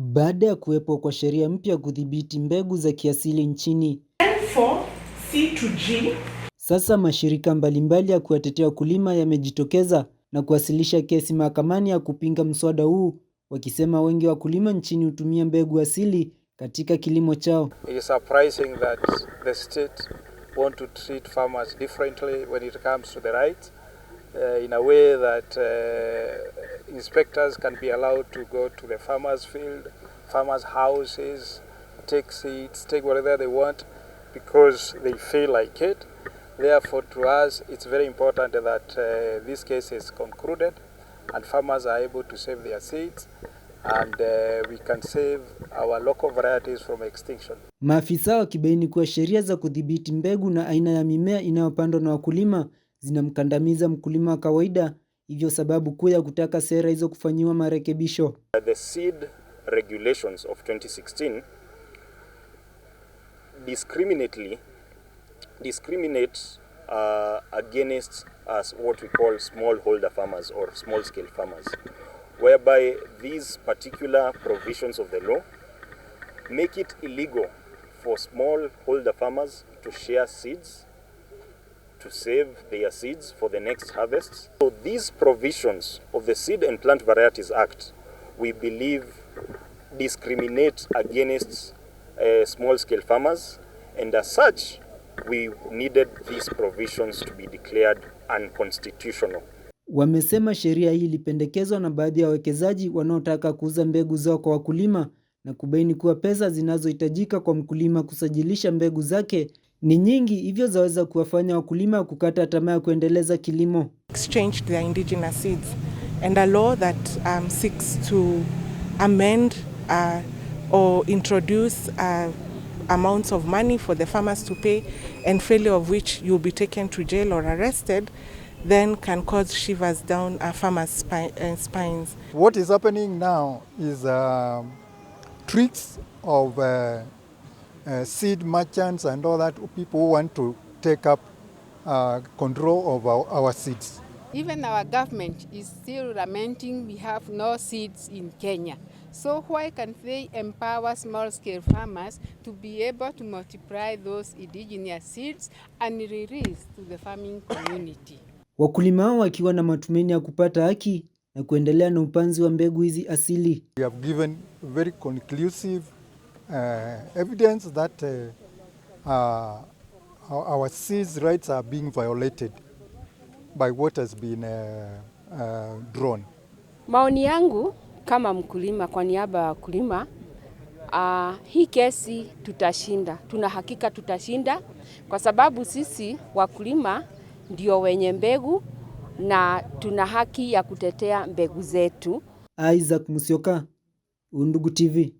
baada ya kuwepo kwa sheria mpya kudhibiti mbegu za kiasili nchini. C2G. Sasa mashirika mbalimbali ya kuwatetea wakulima yamejitokeza na kuwasilisha kesi mahakamani ya kupinga mswada huu, wakisema wengi wa wakulima nchini hutumia mbegu asili katika kilimo chao. It is surprising that the state want to treat farmers differently when it comes to the right, uh, in a way that, uh, inspectors can be allowed to go to the farmers' field, farmers' houses, take seeds, take whatever they want because they feel like it. Therefore, to us, it's very important that uh, this case is concluded and farmers are able to save their seeds and uh, we can save our local varieties from extinction. Maafisa wakibaini kuwa sheria za kudhibiti mbegu na aina ya mimea inayopandwa na wakulima zinamkandamiza mkulima wa kawaida hivyo sababu kuu ya kutaka sera hizo kufanyiwa marekebisho. The seed regulations of 2016 discriminately discriminate uh, against us what we call small holder farmers or small scale farmers whereby these particular provisions of the law make it illegal for small holder farmers to share seeds to save their seeds for the next harvests. So these provisions of the Seed and Plant Varieties Act, we believe discriminate against uh, small-scale farmers, and as such, we needed these provisions to be declared unconstitutional. Wamesema sheria hii ilipendekezwa na baadhi ya wawekezaji wanaotaka kuuza mbegu zao kwa wakulima na kubaini kuwa pesa zinazohitajika kwa mkulima kusajilisha mbegu zake ni nyingi, hivyo zaweza kuwafanya wakulima kukata tamaa ya kuendeleza kilimo. Exchange their indigenous seeds and a law that um, seeks to amend uh, or introduce uh, amounts of money for the farmers to pay and failure of which you'll be taken to jail or arrested then can cause shivers down a farmer's uh, spines. What is happening now is uh, um, tricks of uh, Uh, seed merchants and all that people who want to take up uh, control of our, our seeds. Even our government is still lamenting we have no seeds in Kenya. So why can't they empower small-scale farmers to be able to multiply those indigenous seeds and release to the farming community? Wakulima hao wakiwa na matumaini ya kupata haki na kuendelea na upanzi wa mbegu hizi asili. We have given very conclusive uh, evidence that uh, uh, our seas rights are being violated by what has been uh, uh, drawn. Maoni yangu kama mkulima kwa niaba ya wakulima uh, hii kesi tutashinda, tuna hakika tutashinda kwa sababu sisi wakulima ndio wenye mbegu na tuna haki ya kutetea mbegu zetu. Isaac Musyoka, Undugu TV.